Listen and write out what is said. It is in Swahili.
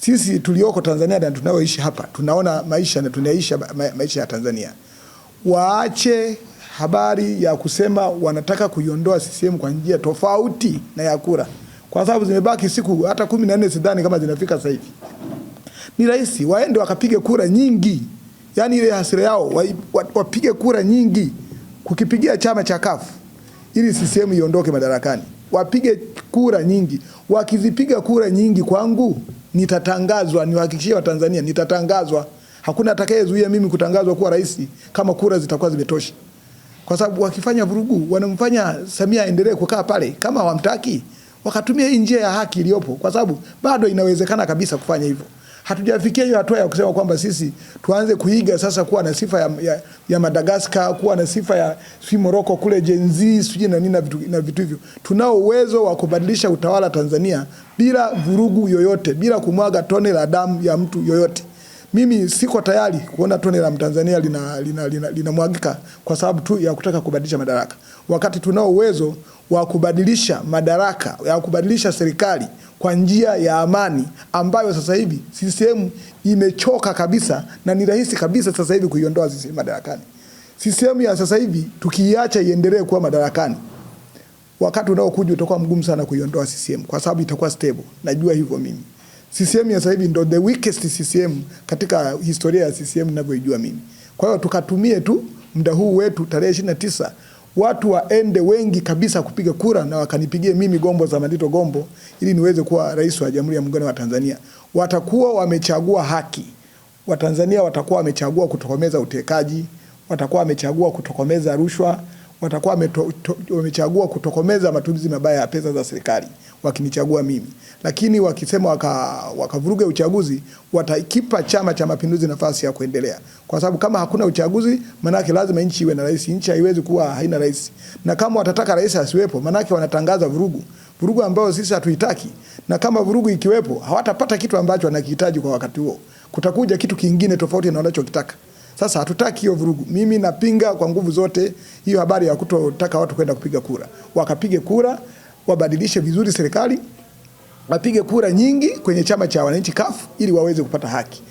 sisi tulioko Tanzania na tunaoishi hapa tunaona maisha na tunaishi maisha ya Tanzania, waache habari ya kusema wanataka kuiondoa CCM kwa njia tofauti na ya kura, kwa sababu zimebaki siku hata kumi na nne, sidhani kama zinafika sasa hivi. Ni rahisi waende wakapige kura nyingi, yani ile hasira yao wa, wa, wapige kura nyingi kukipigia chama cha kafu ili CCM iondoke madarakani, wapige kura nyingi. Wakizipiga kura nyingi, kwangu nitatangazwa, niwahakikishie Watanzania nitatangazwa. Hakuna atakayezuia mimi kutangazwa kuwa rais kama kura zitakuwa zimetosha, kwa sababu wakifanya vurugu wanamfanya Samia aendelee kukaa pale. Kama hawamtaki wakatumia hii njia ya haki iliyopo, kwa sababu bado inawezekana kabisa kufanya hivyo hatujafikia hiyo hatua ya kusema kwamba sisi tuanze kuiga sasa kuwa na sifa ya, ya, ya Madagaskar, kuwa na sifa ya si Moroko kule jenzi sijui na nini na vitu hivyo. Tunao uwezo wa kubadilisha utawala Tanzania bila vurugu yoyote, bila kumwaga tone la damu ya mtu yoyote mimi siko tayari kuona tone la Mtanzania linamwagika lina, lina, lina kwa sababu tu ya kutaka kubadilisha madaraka, wakati tunao uwezo wa kubadilisha madaraka ya kubadilisha serikali kwa njia ya amani ambayo sasa hivi CCM imechoka kabisa, na ni rahisi kabisa sasa hivi kuiondoa CCM madarakani. CCM ya sasa hivi tukiiacha iendelee kuwa madarakani, wakati unaokuja utakuwa mgumu sana kuiondoa CCM kwa sababu itakuwa stable. Najua hivyo mimi. CCM ya sasa hivi ndo the weakest CCM katika historia ya CCM ninavyojua mimi. Kwa hiyo tukatumie tu muda huu wetu tarehe ishirini na tisa watu waende wengi kabisa kupiga kura na wakanipigie mimi Gombo za Mandito Gombo ili niweze kuwa rais wa Jamhuri ya Muungano wa Tanzania. Watakuwa wamechagua haki. Watanzania watakuwa wamechagua kutokomeza utekaji, watakuwa wamechagua kutokomeza rushwa watakuwa wamechagua kutokomeza matumizi mabaya ya pesa za serikali wakinichagua mimi, lakini wakisema wakavuruga waka uchaguzi, watakipa Chama cha Mapinduzi nafasi ya kuendelea, kwa sababu kama hakuna uchaguzi, manake lazima nchi iwe na rais. Nchi haiwezi kuwa haina rais, na kama watataka rais asiwepo, manake wanatangaza vurugu, vurugu ambayo sisi hatuitaki, na kama vurugu ikiwepo, hawatapata kitu ambacho wanakihitaji kwa wakati huo, kutakuja kitu kingine tofauti na wanachokitaka. Sasa hatutaki hiyo vurugu. Mimi napinga kwa nguvu zote hiyo habari ya kutotaka watu kwenda kupiga kura. Wakapige kura, wabadilishe vizuri serikali, wapige kura nyingi kwenye chama cha wananchi CUF ili waweze kupata haki.